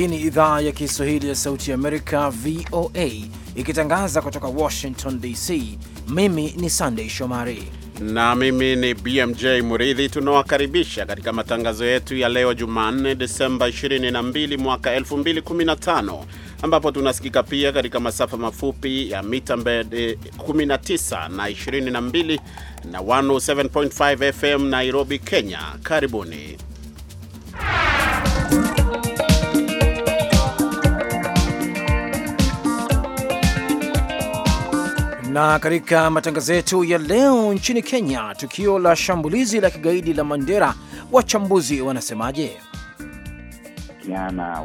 Hii ni idhaa ya Kiswahili ya Sauti ya Amerika, VOA, ikitangaza kutoka Washington DC. Mimi ni Sandei Shomari na mimi ni BMJ Muridhi. Tunawakaribisha katika matangazo yetu ya leo Jumanne, Desemba 22 mwaka 2015, ambapo tunasikika pia katika masafa mafupi ya mita 19 na 22 na 107.5 FM Nairobi, Kenya. Karibuni. Na katika matangazo yetu ya leo, nchini Kenya, tukio la shambulizi la kigaidi la Mandera, wachambuzi wanasemaje?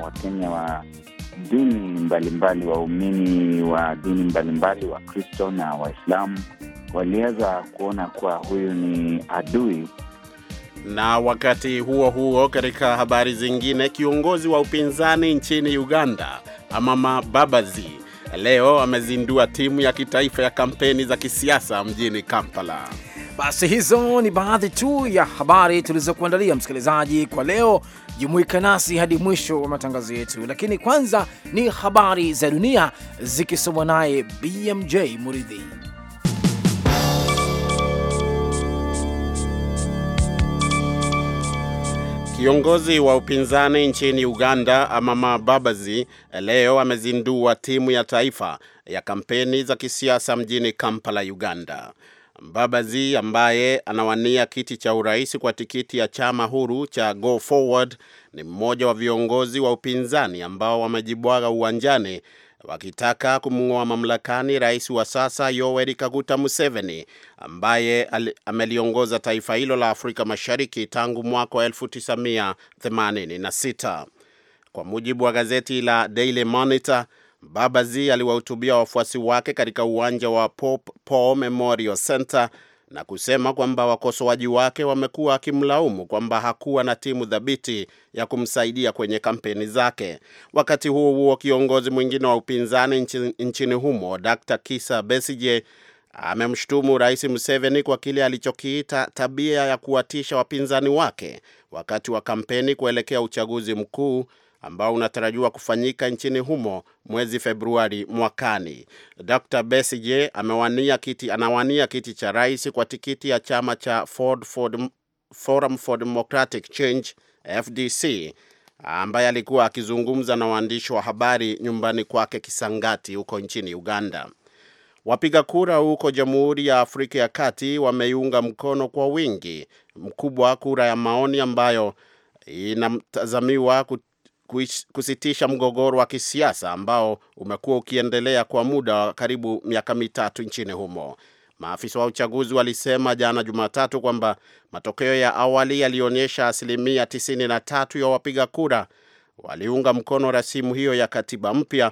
wa kenya wa dini mbalimbali, waumini wa dini mbalimbali, Wakristo na Waislamu waliweza kuona kuwa huyu ni adui. Na wakati huo huo, katika habari zingine, kiongozi wa upinzani nchini Uganda Amama Babazi leo amezindua timu ya kitaifa ya kampeni za kisiasa mjini Kampala. Basi hizo ni baadhi tu ya habari tulizokuandalia msikilizaji kwa leo. Jumuika nasi hadi mwisho wa matangazo yetu, lakini kwanza ni habari za dunia zikisomwa naye BMJ Muridhi. Kiongozi wa upinzani nchini Uganda Amama Babazi leo amezindua timu ya taifa ya kampeni za kisiasa mjini Kampala, Uganda. babazi ambaye anawania kiti cha urais kwa tikiti ya chama huru cha Go Forward ni mmoja wa viongozi wa upinzani ambao wamejibwaga uwanjani wakitaka kumng'oa mamlakani rais wa sasa Yoweri Kaguta Museveni ambaye ameliongoza taifa hilo la Afrika Mashariki tangu mwaka wa 1986. Kwa mujibu wa gazeti la Daily Monitor, babazi aliwahutubia wafuasi wake katika uwanja wa Paul Memorial Center na kusema kwamba wakosoaji wake wamekuwa akimlaumu kwamba hakuwa na timu thabiti ya kumsaidia kwenye kampeni zake. Wakati huo huo, kiongozi mwingine wa upinzani nchini, humo Dr. Kisa Besije amemshutumu Rais Museveni kwa kile alichokiita tabia ya kuwatisha wapinzani wake wakati wa kampeni kuelekea uchaguzi mkuu ambao unatarajiwa kufanyika nchini humo mwezi Februari mwakani. Dr Besigye amewania kiti, anawania kiti cha rais kwa tikiti ya chama cha Ford, Ford, Forum for Democratic Change FDC ambaye alikuwa akizungumza na waandishi wa habari nyumbani kwake Kisangati huko nchini Uganda. Wapiga kura huko Jamhuri ya Afrika ya Kati wameiunga mkono kwa wingi mkubwa kura ya maoni ambayo inatazamiwa kusitisha mgogoro wa kisiasa ambao umekuwa ukiendelea kwa muda wa karibu miaka mitatu nchini humo. Maafisa wa uchaguzi walisema jana Jumatatu kwamba matokeo ya awali yalionyesha asilimia 93 ya wapiga kura waliunga mkono rasimu hiyo ya katiba mpya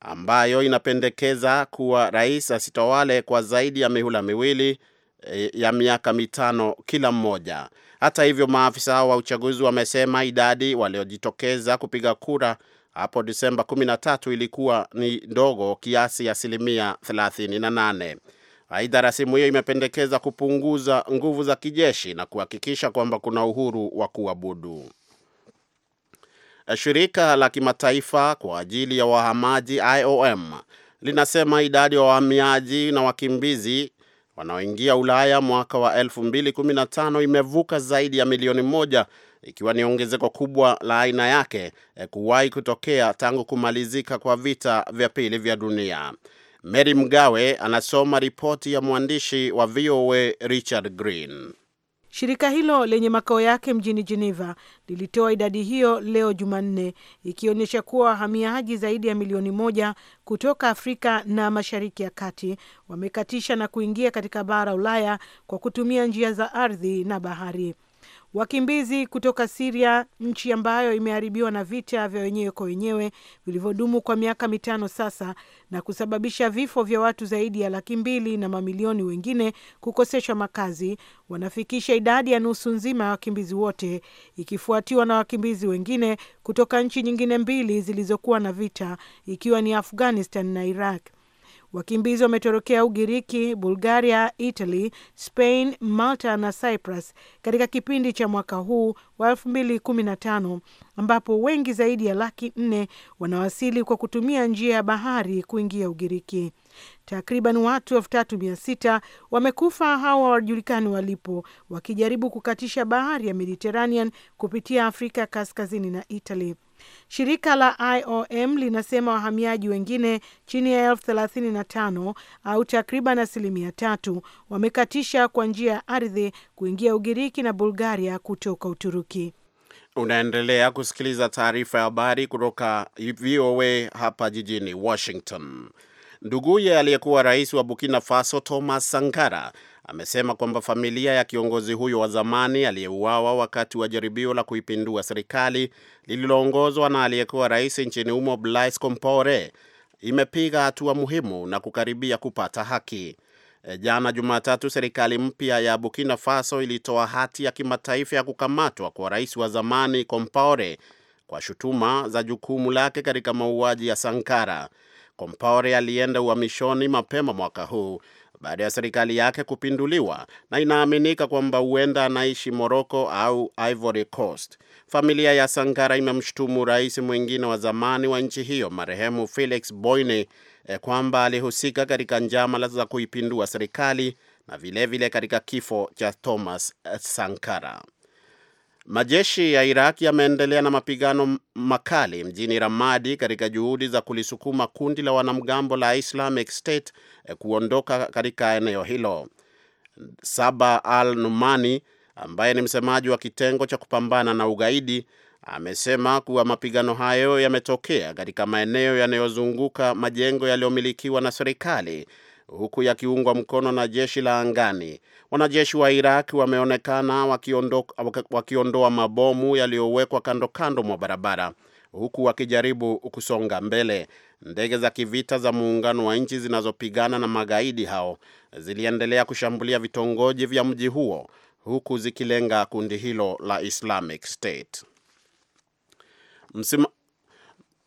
ambayo inapendekeza kuwa rais asitawale kwa zaidi ya mihula miwili Eh, ya miaka mitano kila mmoja. Hata hivyo, maafisa hao wa uchaguzi wamesema idadi waliojitokeza kupiga kura hapo Disemba 13 ilikuwa ni ndogo kiasi ya asilimia 38. Aidha, rasimu hiyo imependekeza kupunguza nguvu za kijeshi na kuhakikisha kwamba kuna uhuru wa kuabudu. Shirika la kimataifa kwa ajili ya wahamaji IOM linasema idadi ya wahamiaji na wakimbizi wanaoingia Ulaya mwaka wa 2015 imevuka zaidi ya milioni moja ikiwa ni ongezeko kubwa la aina yake eh, kuwahi kutokea tangu kumalizika kwa vita vya pili vya dunia. Mary Mgawe anasoma ripoti ya mwandishi wa VOA Richard Green. Shirika hilo lenye makao yake mjini Geneva lilitoa idadi hiyo leo Jumanne, ikionyesha kuwa wahamiaji zaidi ya milioni moja kutoka Afrika na Mashariki ya Kati wamekatisha na kuingia katika bara Ulaya kwa kutumia njia za ardhi na bahari. Wakimbizi kutoka Siria, nchi ambayo imeharibiwa na vita vya wenyewe kwa wenyewe vilivyodumu kwa miaka mitano sasa na kusababisha vifo vya watu zaidi ya laki mbili na mamilioni wengine kukoseshwa makazi, wanafikisha idadi ya nusu nzima ya wakimbizi wote, ikifuatiwa na wakimbizi wengine kutoka nchi nyingine mbili zilizokuwa na vita, ikiwa ni Afghanistan na Iraq. Wakimbizi wametorokea Ugiriki, Bulgaria, Italy, Spain, Malta na Cyprus katika kipindi cha mwaka huu wa 2015 ambapo wengi zaidi ya laki nne wanawasili kwa kutumia njia ya bahari kuingia Ugiriki. Takriban watu elfu tatu mia sita wamekufa, hawa wajulikani walipo, wakijaribu kukatisha bahari ya Mediterranean kupitia Afrika kaskazini na Italy. Shirika la IOM linasema wahamiaji wengine chini ya elfu thelathini na tano au takriban asilimia tatu wamekatisha kwa njia ya ardhi kuingia Ugiriki na Bulgaria kutoka Uturuki. Unaendelea kusikiliza taarifa ya habari kutoka VOA hapa jijini Washington. Nduguye aliyekuwa rais wa Burkina Faso Thomas Sankara amesema kwamba familia ya kiongozi huyo wa zamani aliyeuawa wakati wa jaribio la kuipindua serikali lililoongozwa na aliyekuwa rais nchini humo Blaise Compaore imepiga hatua muhimu na kukaribia kupata haki. E, jana Jumatatu, serikali mpya ya Burkina Faso ilitoa hati ya kimataifa ya kukamatwa kwa rais wa zamani Compaore kwa shutuma za jukumu lake katika mauaji ya Sankara. Compaore alienda uhamishoni mapema mwaka huu baada ya serikali yake kupinduliwa na inaaminika kwamba huenda anaishi Morocco au Ivory Coast. Familia ya Sankara imemshutumu rais mwingine wa zamani wa nchi hiyo marehemu Felix Boyne eh, kwamba alihusika katika njama za kuipindua serikali na vilevile katika kifo cha Thomas eh, Sankara. Majeshi ya Iraq yameendelea na mapigano makali mjini Ramadi katika juhudi za kulisukuma kundi la wanamgambo la Islamic State eh, kuondoka katika eneo hilo. Saba Al Numani ambaye ni msemaji wa kitengo cha kupambana na ugaidi amesema kuwa mapigano hayo yametokea katika maeneo yanayozunguka majengo yaliyomilikiwa na serikali huku yakiungwa mkono na jeshi la angani. Wanajeshi wa Iraq wameonekana wakiondoa waki mabomu yaliyowekwa kando kando mwa barabara huku wakijaribu kusonga mbele. Ndege za kivita za muungano wa nchi zinazopigana na magaidi hao ziliendelea kushambulia vitongoji vya mji huo huku zikilenga kundi hilo la Islamic State. Msima,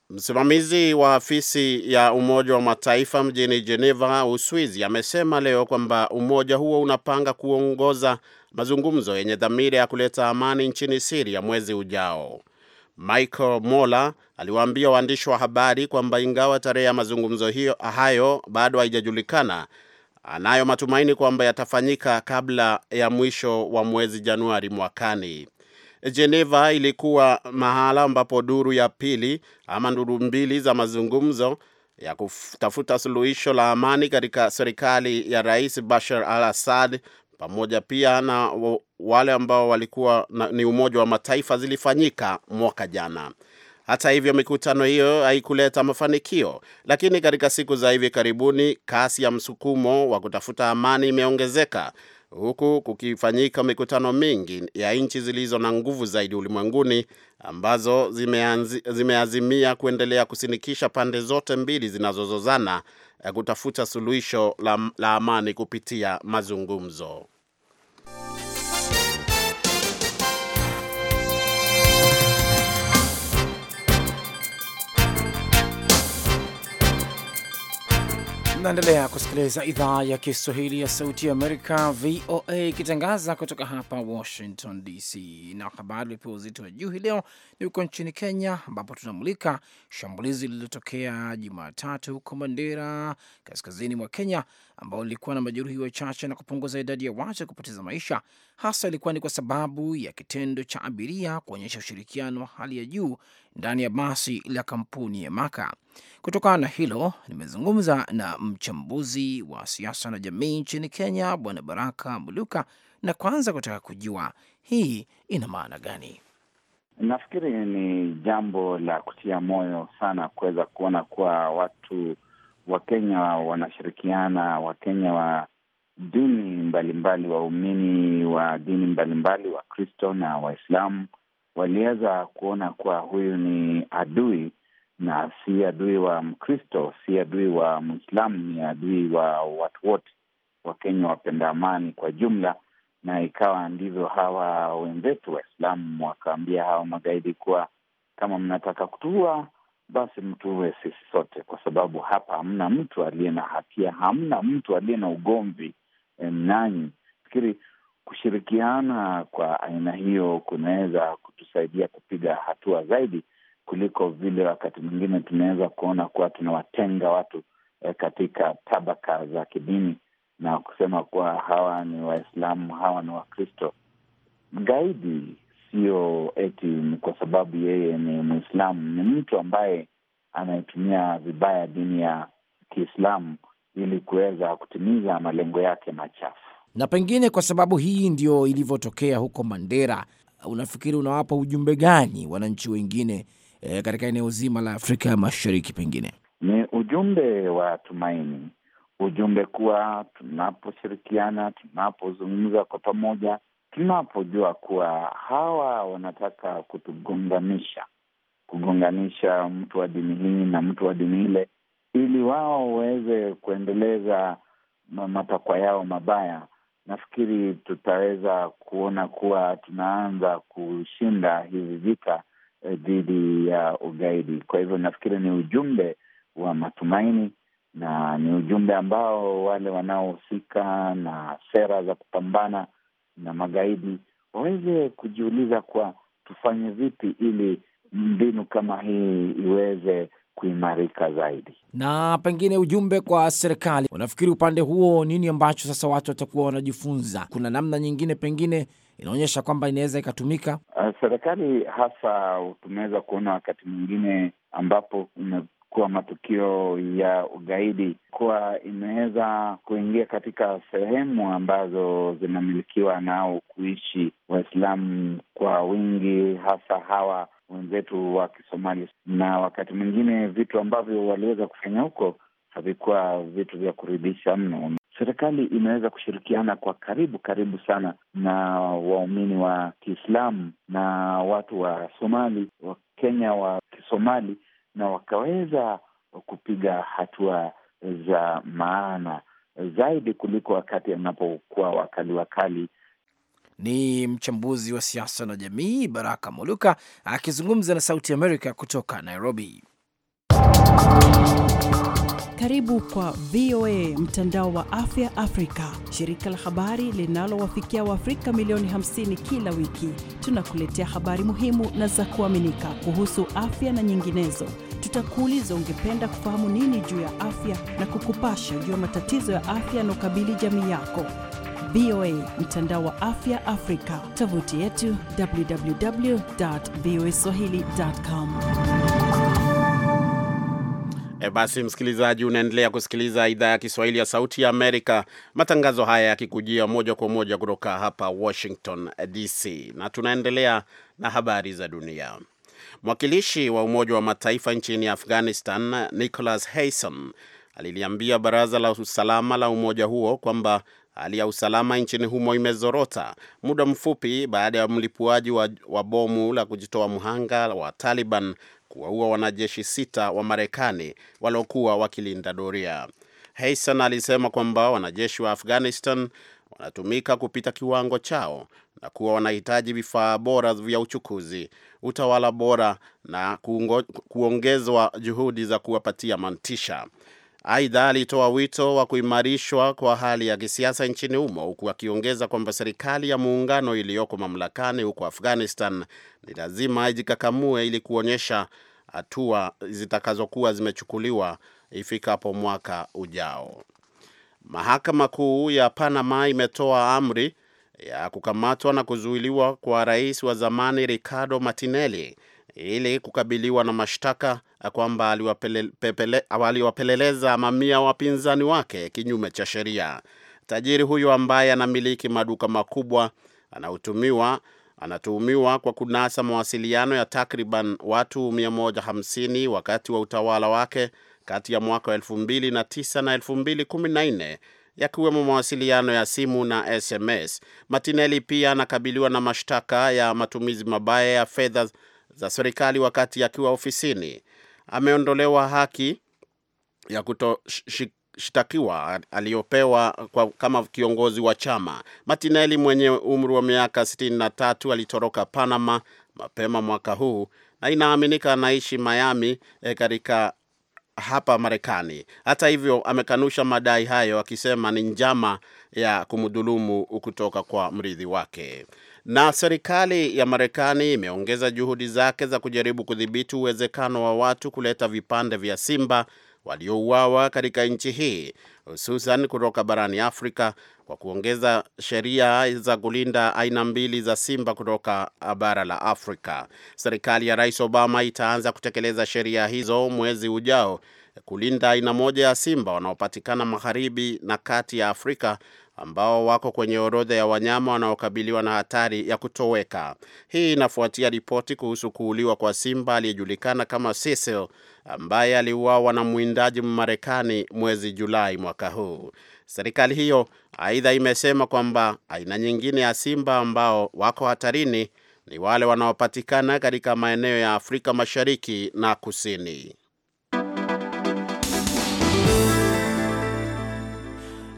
Msimamizi wa afisi ya Umoja wa Mataifa mjini Geneva, Uswizi, amesema leo kwamba umoja huo unapanga kuongoza mazungumzo yenye dhamira ya kuleta amani nchini Siria mwezi ujao. Michael Moller aliwaambia waandishi wa habari kwamba ingawa tarehe ya mazungumzo hiyo hayo bado haijajulikana, anayo matumaini kwamba yatafanyika kabla ya mwisho wa mwezi Januari mwakani. Geneva ilikuwa mahala ambapo duru ya pili ama duru mbili za mazungumzo ya kutafuta suluhisho la amani katika serikali ya Rais Bashar al-Assad pamoja pia na wale ambao walikuwa na, ni Umoja wa Mataifa zilifanyika mwaka jana. Hata hivyo mikutano hiyo haikuleta mafanikio, lakini katika siku za hivi karibuni kasi ya msukumo wa kutafuta amani imeongezeka huku kukifanyika mikutano mingi ya nchi zilizo na nguvu zaidi ulimwenguni ambazo zimeanzi, zimeazimia kuendelea kusinikisha pande zote mbili zinazozozana eh, kutafuta suluhisho la, la amani kupitia mazungumzo. Naendelea kusikiliza idhaa ya Kiswahili ya Sauti ya Amerika, VOA, ikitangaza kutoka hapa Washington DC. Na habari ulipewa uzito wa juu hii leo ni huko nchini Kenya, ambapo tunamulika shambulizi lililotokea Jumatatu huko Mandera, kaskazini mwa Kenya, ambao lilikuwa na majeruhi wachache na kupunguza idadi ya watu kupoteza maisha. Hasa ilikuwa ni kwa sababu ya kitendo cha abiria kuonyesha ushirikiano wa hali ya juu ndani ya basi la kampuni ya Maka. Kutokana na hilo, nimezungumza na mchambuzi wa siasa na jamii nchini Kenya, Bwana Baraka Muluka, na kwanza kutaka kujua hii ina maana gani. Nafikiri ni jambo la kutia moyo sana kuweza kuona kuwa watu Wakenya wanashirikiana, Wakenya wa dini mbalimbali, waumini wa dini mbalimbali, Wakristo na Waislamu waliweza kuona kuwa huyu ni adui na si adui wa Mkristo, si adui wa Mwislamu, ni adui wa watu wote, Wakenya wapenda amani kwa jumla. Na ikawa ndivyo hawa wenzetu Waislamu wakaambia hawa magaidi kuwa kama mnataka kutuua, basi mtuue sisi sote, kwa sababu hapa hamna mtu aliye na hatia, hamna mtu aliye na ugomvi nanyi. Fikiri kushirikiana kwa aina hiyo kunaweza kutusaidia kupiga hatua zaidi kuliko vile wakati mwingine tunaweza kuona kuwa tunawatenga watu eh, katika tabaka za kidini na kusema kuwa hawa ni Waislamu, hawa ni Wakristo. Gaidi sio eti ni kwa sababu yeye ni Mwislamu, ni mtu ambaye anayetumia vibaya dini ya Kiislamu ili kuweza kutimiza malengo yake machafu na pengine kwa sababu hii ndio ilivyotokea huko Mandera, unafikiri unawapa ujumbe gani wananchi wengine e, katika eneo zima la Afrika Mashariki? Pengine ni ujumbe wa tumaini, ujumbe kuwa tunaposhirikiana, tunapozungumza kwa pamoja, tunapojua kuwa hawa wanataka kutugonganisha, kugonganisha mtu wa dini hii na mtu wa dini ile, ili wao waweze kuendeleza matakwa yao mabaya nafikiri tutaweza kuona kuwa tunaanza kushinda hivi vita eh, dhidi ya ugaidi. Kwa hivyo nafikiri ni ujumbe wa matumaini na ni ujumbe ambao wale wanaohusika na sera za kupambana na magaidi waweze kujiuliza kwa tufanye vipi ili mbinu kama hii iweze kuimarika zaidi. Na pengine ujumbe kwa serikali, unafikiri upande huo nini ambacho sasa watu watakuwa wanajifunza? Kuna namna nyingine pengine inaonyesha kwamba inaweza ikatumika. Uh, serikali hasa tumeweza kuona wakati mwingine ambapo umekuwa matukio ya ugaidi kuwa imeweza kuingia katika sehemu ambazo zinamilikiwa nao kuishi Waislamu kwa wingi, hasa hawa wenzetu wa Kisomali, na wakati mwingine vitu ambavyo waliweza kufanya huko havikuwa vitu vya kuridhisha mno. Serikali imeweza kushirikiana kwa karibu karibu sana na waumini wa Kiislamu na watu wa Somali, Wakenya wa Kisomali, na wakaweza kupiga hatua za maana zaidi kuliko wakati anapokuwa wakali wakali ni mchambuzi wa siasa na jamii Baraka Moluka akizungumza na Sauti Amerika kutoka Nairobi. Karibu kwa VOA mtandao wa afya Afrika, shirika la habari linalowafikia Waafrika milioni 50 kila wiki. Tunakuletea habari muhimu na za kuaminika kuhusu afya na nyinginezo. Tutakuuliza, ungependa kufahamu nini juu ya afya, na kukupasha juu ya matatizo ya afya yanaokabili jamii yako. VOA, mtandao wa afya Afrika, tovuti yetu www.voaswahili.com. E, basi msikilizaji, unaendelea kusikiliza idhaa ya Kiswahili ya Sauti ya Amerika, matangazo haya yakikujia moja kwa moja kutoka hapa Washington eh, DC, na tunaendelea na habari za dunia. Mwakilishi wa Umoja wa Mataifa nchini Afghanistan Nicholas Hayson aliliambia baraza la usalama la umoja huo kwamba hali ya usalama nchini humo imezorota muda mfupi baada ya mlipuaji wa, wa bomu la kujitoa mhanga wa Taliban kuwaua wanajeshi sita wa Marekani waliokuwa wakilinda doria. Heisan alisema kwamba wanajeshi wa Afghanistan wanatumika kupita kiwango chao na kuwa wanahitaji vifaa bora vya uchukuzi, utawala bora na kuongezwa juhudi za kuwapatia mantisha. Aidha, alitoa wito wa kuimarishwa kwa hali ya kisiasa nchini humo huku akiongeza kwamba serikali ya muungano iliyoko mamlakani huko Afghanistan ni lazima ijikakamue ili kuonyesha hatua zitakazokuwa zimechukuliwa ifikapo mwaka ujao. Mahakama Kuu ya Panama imetoa amri ya kukamatwa na kuzuiliwa kwa rais wa zamani Ricardo Martinelli ili kukabiliwa na mashtaka kwamba aliwapeleleza mamia wapinzani wake kinyume cha sheria. Tajiri huyo ambaye anamiliki maduka makubwa anautumiwa anatuhumiwa kwa kunasa mawasiliano ya takriban watu 150 wakati wa utawala wake kati ya mwaka 2009 na 2014 yakiwemo mawasiliano ya simu na SMS. Martinelli pia anakabiliwa na mashtaka ya matumizi mabaya ya fedha za serikali wakati akiwa ofisini. Ameondolewa haki ya kutoshtakiwa aliyopewa kama kiongozi wa chama. Martinelli mwenye umri wa miaka 63 alitoroka Panama mapema mwaka huu na inaaminika anaishi Miami e, katika hapa Marekani. Hata hivyo, amekanusha madai hayo akisema ni njama ya kumdhulumu kutoka kwa mrithi wake. Na serikali ya Marekani imeongeza juhudi zake za kujaribu kudhibiti uwezekano wa watu kuleta vipande vya simba waliouawa katika nchi hii hususan kutoka barani Afrika kwa kuongeza sheria za kulinda aina mbili za simba kutoka bara la Afrika. Serikali ya Rais Obama itaanza kutekeleza sheria hizo mwezi ujao kulinda aina moja ya simba wanaopatikana magharibi na kati ya Afrika ambao wako kwenye orodha ya wanyama wanaokabiliwa na hatari ya kutoweka. Hii inafuatia ripoti kuhusu kuuliwa kwa simba aliyejulikana kama Cecil ambaye aliuawa na mwindaji Mmarekani mwezi Julai mwaka huu. Serikali hiyo aidha imesema kwamba aina nyingine ya simba ambao wako hatarini ni wale wanaopatikana katika maeneo ya Afrika Mashariki na Kusini.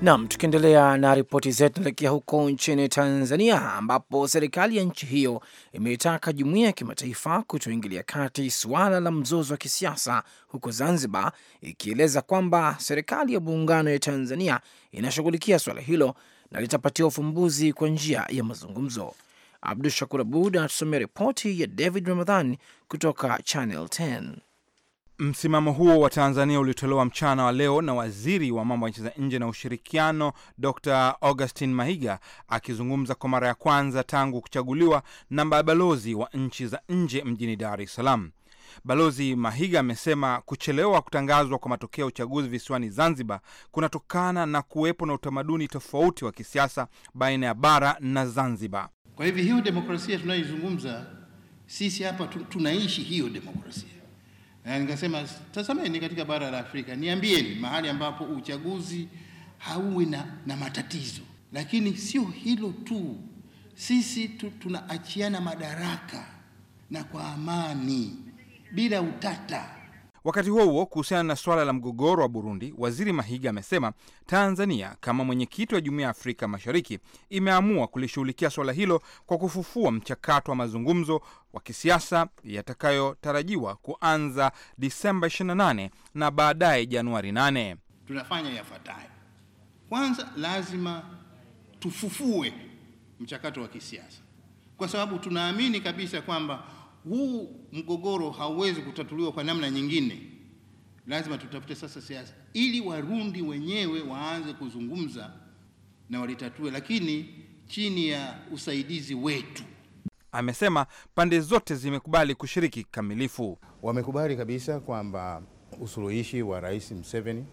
Nam, tukiendelea na ripoti zetu, tunaelekea huko nchini Tanzania ambapo serikali ya nchi hiyo imeitaka jumuia ya kimataifa kutoingilia kati suala la mzozo wa kisiasa huko Zanzibar, ikieleza kwamba serikali ya muungano ya Tanzania inashughulikia suala hilo na litapatia ufumbuzi kwa njia ya mazungumzo. Abdu Shakur Abud anatusomea ripoti ya David Ramadhan kutoka Channel 10. Msimamo huo wa Tanzania ulitolewa mchana wa leo na waziri wa mambo ya nchi za nje na ushirikiano Dr Augustin Mahiga akizungumza kwa mara ya kwanza tangu kuchaguliwa na mabalozi wa nchi za nje mjini Dar es Salaam. Balozi Mahiga amesema kuchelewa kutangazwa kwa matokeo ya uchaguzi visiwani Zanzibar kunatokana na kuwepo na utamaduni tofauti wa kisiasa baina ya bara na Zanzibar. Kwa hivyo hiyo demokrasia tunayoizungumza sisi hapa tunaishi hiyo demokrasia na nikasema tazameni katika bara la Afrika, niambieni mahali ambapo uchaguzi hauwi na, na matatizo. Lakini sio hilo tu, sisi tu, tunaachiana madaraka na kwa amani bila utata. Wakati huo huo, kuhusiana na suala la mgogoro wa Burundi, waziri Mahiga amesema Tanzania kama mwenyekiti wa jumuiya ya Afrika Mashariki imeamua kulishughulikia suala hilo kwa kufufua mchakato wa mazungumzo wa kisiasa yatakayotarajiwa kuanza Disemba 28 na baadaye Januari 8. Tunafanya yafuatayo. Kwanza, lazima tufufue mchakato wa kisiasa kwa sababu tunaamini kabisa kwamba huu mgogoro hauwezi kutatuliwa kwa namna nyingine, lazima tutafute sasa siasa ili Warundi wenyewe waanze kuzungumza na walitatue, lakini chini ya usaidizi wetu. Amesema pande zote zimekubali kushiriki kikamilifu. Wamekubali kabisa kwamba usuluhishi wa Rais Museveni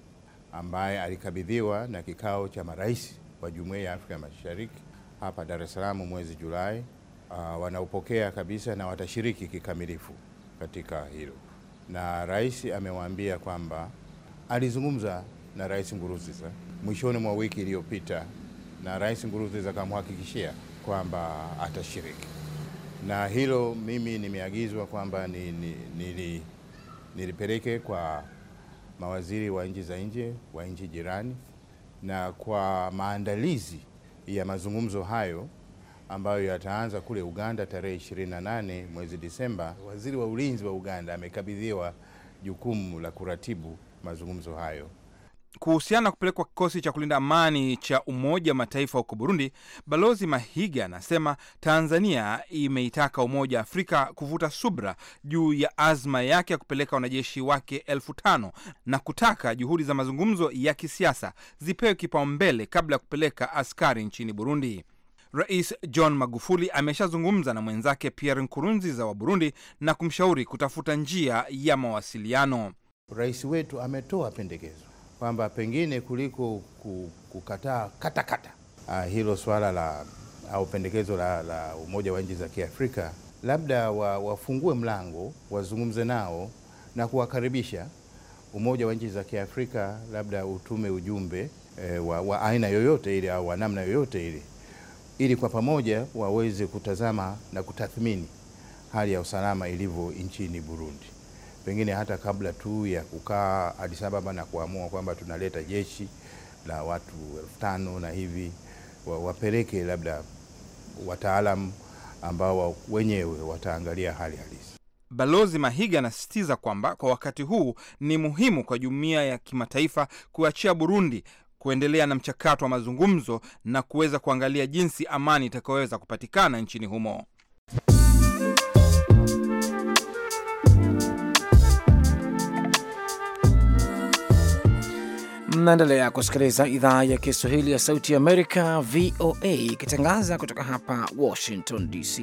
ambaye alikabidhiwa na kikao cha marais wa Jumuiya ya Afrika Mashariki hapa Dar es Salaam mwezi Julai uh, wanaupokea kabisa na watashiriki kikamilifu katika hilo. Na rais amewaambia kwamba alizungumza na Rais Nguruziza mwishoni mwa wiki iliyopita, na Rais Nguruziza akamhakikishia kwamba atashiriki, na hilo mimi nimeagizwa kwamba ni, ni, ni, ni, nilipeleke kwa mawaziri wa nchi za nje wa nchi jirani na kwa maandalizi ya mazungumzo hayo ambayo yataanza kule Uganda tarehe 28 mwezi Disemba. Waziri wa ulinzi wa Uganda amekabidhiwa jukumu la kuratibu mazungumzo hayo. Kuhusiana na kupelekwa kikosi cha kulinda amani cha Umoja wa Mataifa huko Burundi, Balozi Mahiga anasema Tanzania imeitaka Umoja wa Afrika kuvuta subra juu ya azma yake ya kupeleka wanajeshi wake elfu tano na kutaka juhudi za mazungumzo ya kisiasa zipewe kipaumbele kabla ya kupeleka askari nchini Burundi. Rais John Magufuli ameshazungumza na mwenzake Pierre Nkurunziza wa Burundi na kumshauri kutafuta njia ya mawasiliano. Rais wetu ametoa pendekezo kwamba pengine kuliko kukataa katakata ah, hilo swala la au pendekezo la, la Umoja wa Nchi za Kiafrika, labda wafungue mlango wazungumze nao na kuwakaribisha Umoja wa Nchi za Kiafrika, labda utume ujumbe e, wa, wa aina yoyote ile au wa namna yoyote ile ili kwa pamoja waweze kutazama na kutathmini hali ya usalama ilivyo nchini Burundi, pengine hata kabla tu ya kukaa Addis Ababa na kuamua kwamba tunaleta jeshi la watu elfu tano na hivi, wapeleke labda wataalam ambao wenyewe wataangalia hali halisi. Balozi Mahiga anasisitiza kwamba kwa wakati huu ni muhimu kwa jumuiya ya kimataifa kuachia Burundi kuendelea na mchakato wa mazungumzo na kuweza kuangalia jinsi amani itakayoweza kupatikana nchini humo. Mnaendelea kusikiliza idhaa ya Kiswahili ya Sauti ya Amerika, VOA, ikitangaza kutoka hapa Washington DC.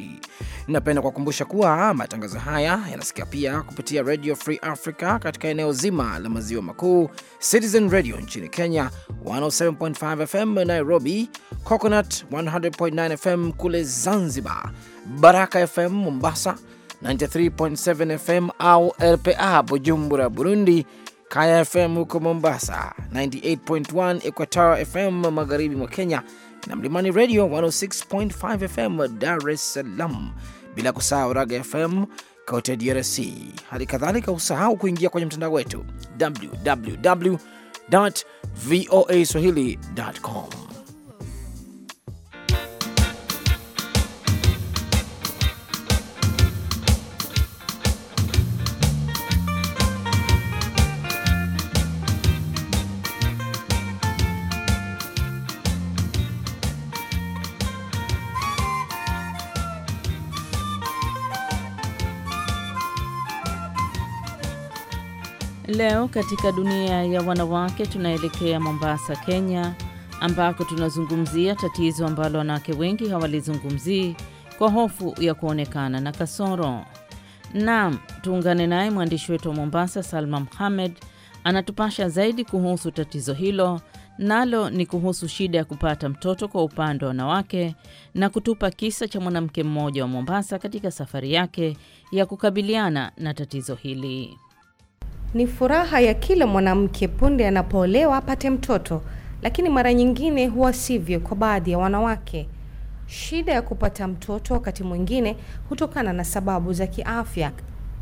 Napenda kuwakumbusha kuwa matangazo haya yanasikia pia kupitia Radio Free Africa katika eneo zima la maziwa makuu, Citizen Radio nchini Kenya 107.5 FM Nairobi, Coconut 100.9 FM kule Zanzibar, Baraka FM Mombasa 93.7 FM au RPA Bujumbura, Burundi, Kaya FM huko Mombasa, 98.1 Equator FM magharibi mwa Kenya na Mlimani Radio 106.5 FM Dar es Salaam, bila kusahau Raga FM kote DRC. Hali kadhalika usahau kuingia kwenye mtandao wetu www voa swahili.com. Leo katika dunia ya wanawake tunaelekea Mombasa, Kenya, ambako tunazungumzia tatizo ambalo wanawake wengi hawalizungumzii kwa hofu ya kuonekana na kasoro. Naam, tuungane naye mwandishi wetu wa Mombasa, Salma Mohamed, anatupasha zaidi kuhusu tatizo hilo, nalo ni kuhusu shida ya kupata mtoto kwa upande wa wanawake na kutupa kisa cha mwanamke mmoja wa Mombasa katika safari yake ya kukabiliana na tatizo hili. Ni furaha ya kila mwanamke punde anapoolewa apate mtoto, lakini mara nyingine huwa sivyo kwa baadhi ya wanawake. Shida ya kupata mtoto wakati mwingine hutokana na sababu za kiafya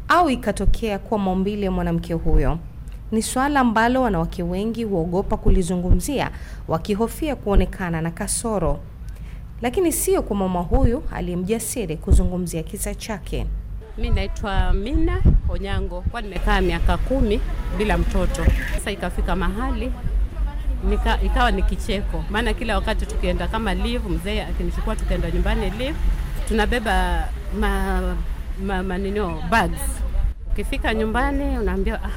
au ikatokea kwa maumbile ya mwanamke huyo. Ni suala ambalo wanawake wengi huogopa kulizungumzia, wakihofia kuonekana na kasoro, lakini sio kwa mama huyu aliyemjasiri kuzungumzia kisa chake. Mi naitwa Mina Onyango, kwa nimekaa miaka kumi bila mtoto. Sasa ikafika mahali nika, ikawa ni kicheko, maana kila wakati tukienda kama live, mzee akinichukua tukaenda nyumbani live, tunabeba ma, ma, manino bags. Ukifika unaambiwa ah,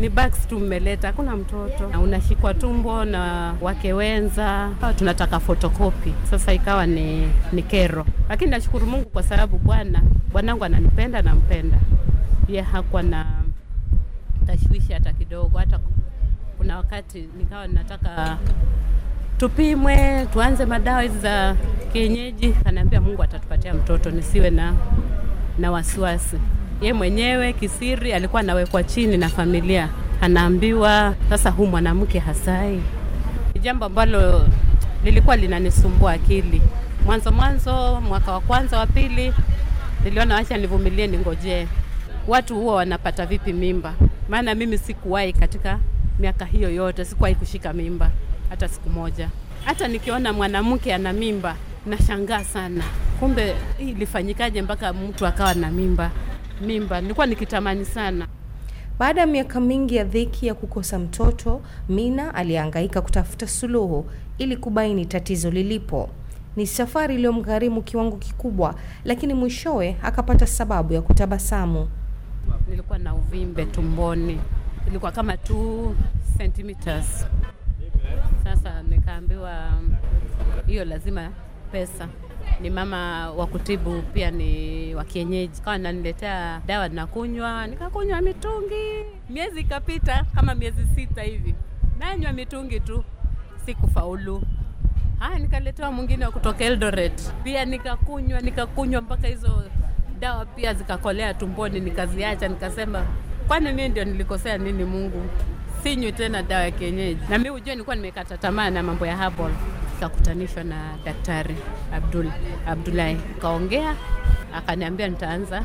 ni bags tu mmeleta, hakuna mtoto na unashikwa tumbo na wake wenza, tunataka photocopy. Sasa ikawa ni, ni kero, lakini nashukuru Mungu kwa sababu bwana bwanangu ananipenda, nampenda pia, hakuwa na tashwishi hata kidogo. Hata kuna wakati nikawa nataka tupimwe tuanze madawa hizi za kienyeji, anaambia Mungu atatupatia mtoto, nisiwe na na wasiwasi ye mwenyewe kisiri alikuwa anawekwa chini na familia, anaambiwa sasa, huu mwanamke hasai. Ni jambo ambalo lilikuwa linanisumbua akili mwanzo mwanzo, mwaka wa kwanza wa pili, niliona acha nivumilie, ningojee watu huwa wanapata vipi mimba, maana mimi sikuwahi katika miaka hiyo yote sikuwahi kushika mimba hata siku moja. Hata nikiona mwanamke ana mimba nashangaa sana, kumbe hii ilifanyikaje mpaka mtu akawa na mimba? mimba, nilikuwa nikitamani sana. Baada ya miaka mingi ya dhiki ya kukosa mtoto, Mina alihangaika kutafuta suluhu ili kubaini tatizo lilipo. Ni safari iliyomgharimu kiwango kikubwa, lakini mwishowe akapata sababu ya kutabasamu. Nilikuwa na uvimbe tumboni, ilikuwa kama 2 centimeters. Sasa nikaambiwa hiyo lazima pesa ni mama wa kutibu pia ni wa kienyeji, kawa naniletea dawa nakunywa, nikakunywa mitungi, miezi ikapita kama miezi sita hivi, nanywa mitungi tu, sikufaulu. Haya, nikaletewa mwingine wa kutoka Eldoret pia nikakunywa, nikakunywa mpaka hizo dawa pia zikakolea tumboni, nikaziacha, nikasema kwani mi ndio nilikosea nini? Mungu, sinywi tena dawa ya kienyeji. Na mi hujua, nilikuwa nimekata tamaa na mambo ya herbal nikakutanishwa na Daktari Abdul Abdullahi, kaongea akaniambia nitaanza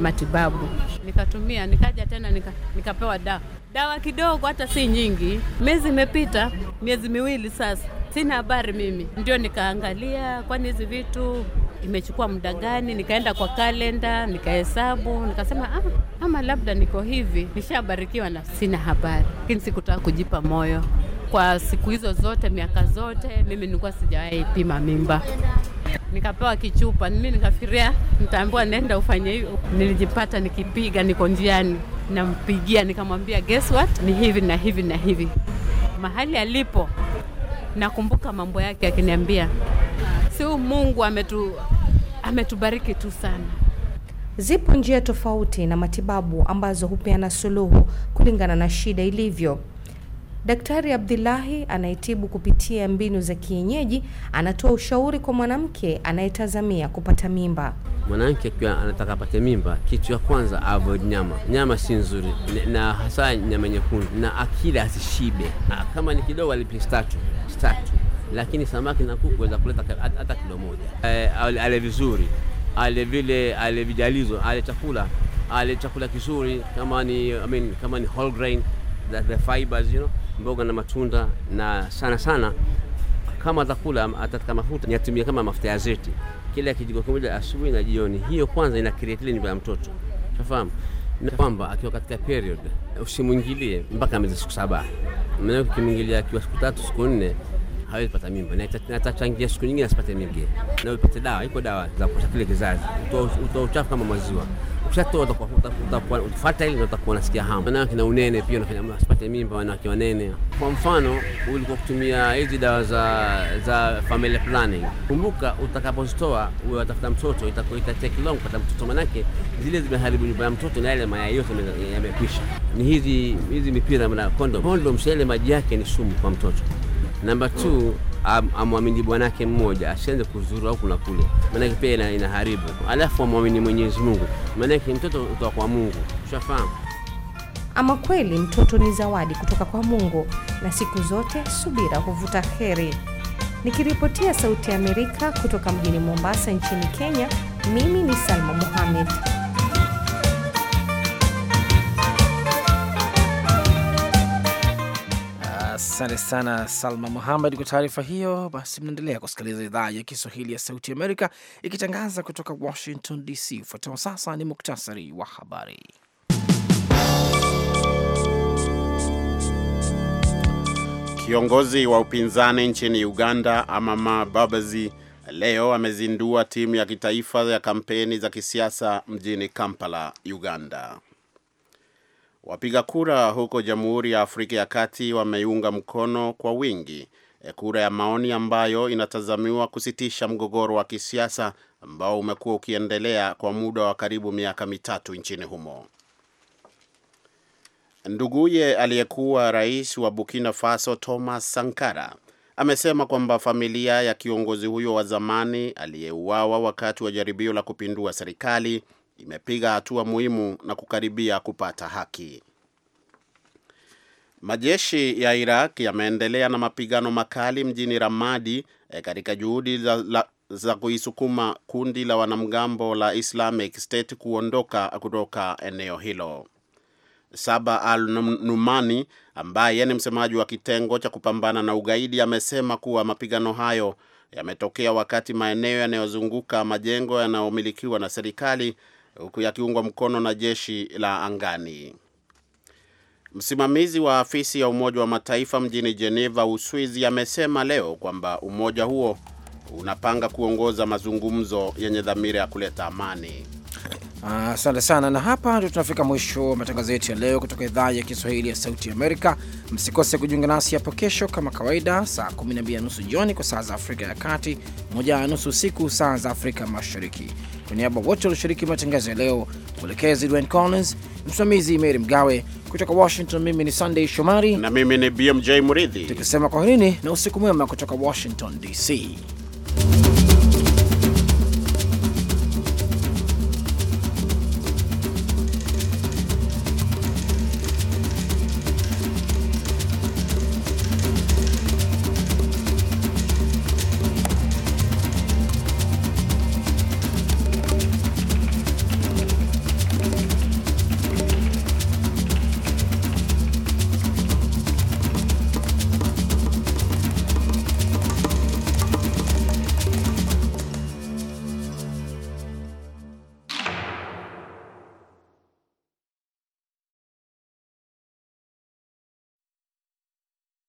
matibabu, nikatumia, nikaja tena nika, nikapewa dawa dawa kidogo, hata si nyingi. Miezi imepita, miezi miwili sasa, sina habari mimi. Ndio nikaangalia, kwani hizi vitu imechukua muda gani? Nikaenda kwa kalenda nikahesabu, nikasema ah, ama labda niko hivi nishabarikiwa na sina habari, lakini sikutaka kujipa moyo kwa siku hizo zote, miaka zote, mimi nilikuwa sijawahi pima mimba. Nikapewa kichupa, mimi nikafikiria nitaambiwa nenda ufanye hiyo. Nilijipata nikipiga, niko njiani, nampigia nikamwambia, guess what, ni hivi na hivi na hivi, mahali alipo. Nakumbuka mambo yake akiniambia, si Mungu ametu ametubariki tu sana. Zipo njia tofauti na matibabu ambazo hupeana suluhu kulingana na shida ilivyo. Daktari Abdillahi anayetibu kupitia mbinu za kienyeji anatoa ushauri kwa mwanamke anayetazamia kupata mimba. Mwanamke akiwa anataka apate mimba, kitu ya kwanza avoid nyama. Nyama si nzuri, na hasa nyama nyekundu, na akili asishibe. Ah, kama ni kidogo, alipe statu statu, lakini samaki na kuku weza kuleta hata kilo moja. E, ale vizuri, ale vile, ale vijalizo, ale chakula, ale chakula kizuri, kama ni I mean, kama ni whole grain the, the fibers you know, mboga na matunda na sana sana kama atakula atataka mafuta niatumia kama mafuta ya zeti, kile kijiko kimoja asubuhi na jioni. Hiyo kwanza ina create lini kwa mtoto, unafahamu na kwamba akiwa katika period usimwingilie mpaka miezi siku saba, maana ukimwingilia akiwa siku tatu siku nne hawezi pata mimba na atachangia siku nyingine asipate mimba, na upate dawa. Iko dawa za kuosha kile kizazi, utoa uchafu kama maziwa ukishatoa utafuata ile utakuwa unasikia hamu. Wanawake na unene pia unafanya asipate mimba wanawake wanene. Kwa mfano ulikuwa kutumia hizi dawa za, za family planning, kumbuka utakapozitoa wewe watafuta mtoto itakuwa itatake long kupata mtoto, manake zile zimeharibu nyumba ya mtoto na yale mayai yote yamekwisha. Ni hizi hizi mipira na condom. Condom, yale maji yake ni sumu kwa mtoto. Number 2 amwamini bwanake mmoja, asianze kuzuru au kuna kule, maanake pia ina, haribu Alafu amwamini Mwenyezi Mungu, maanake mtoto kutoka kwa Mungu, ushafahamu. Ama kweli mtoto ni zawadi kutoka kwa Mungu, na siku zote subira huvuta heri. Nikiripotia Sauti ya Amerika kutoka mjini Mombasa nchini Kenya, mimi ni Salma muhamed Asante sana Salma Muhamed kwa taarifa hiyo. Basi mnaendelea kusikiliza idhaa ya Kiswahili ya Sauti Amerika ikitangaza kutoka Washington DC. Ufuatao sasa ni muktasari wa habari. Kiongozi wa upinzani nchini Uganda Amama Babazi leo amezindua timu ya kitaifa ya kampeni za kisiasa mjini Kampala, Uganda. Wapiga kura huko Jamhuri ya Afrika ya Kati wameiunga mkono kwa wingi eh, kura ya maoni ambayo inatazamiwa kusitisha mgogoro wa kisiasa ambao umekuwa ukiendelea kwa muda wa karibu miaka mitatu nchini humo. Nduguye aliyekuwa rais wa Burkina Faso Thomas Sankara amesema kwamba familia ya kiongozi huyo wa zamani aliyeuawa wakati wa jaribio la kupindua serikali imepiga hatua muhimu na kukaribia kupata haki. Majeshi ya Iraq yameendelea na mapigano makali mjini Ramadi e, katika juhudi za, la, za kuisukuma kundi la wanamgambo la Islamic State kuondoka kutoka eneo hilo. Saba al-Numani ambaye ni msemaji wa kitengo cha kupambana na ugaidi amesema kuwa mapigano hayo yametokea wakati maeneo yanayozunguka majengo yanayomilikiwa na serikali huku yakiungwa mkono na jeshi la angani. Msimamizi wa afisi ya Umoja wa Mataifa mjini Geneva, Uswizi, amesema leo kwamba umoja huo unapanga kuongoza mazungumzo yenye dhamira ya kuleta amani. Asante sana, na hapa ndio tunafika mwisho wa matangazo yetu ya leo kutoka idhaa ya Kiswahili ya Sauti Amerika. Msikose kujiunga nasi hapo kesho kama kawaida, saa 12 na nusu jioni kwa saa za Afrika ya Kati, moja na nusu usiku saa za Afrika Mashariki. Kwa niaba wote walioshiriki matangazo ya leo, mwelekezi Dwayne Collins, msimamizi Mary Mgawe kutoka Washington, mimi ni Sunday Shomari na mimi ni BMJ Muridhi, tukisema kwaherini na usiku mwema kutoka Washington DC.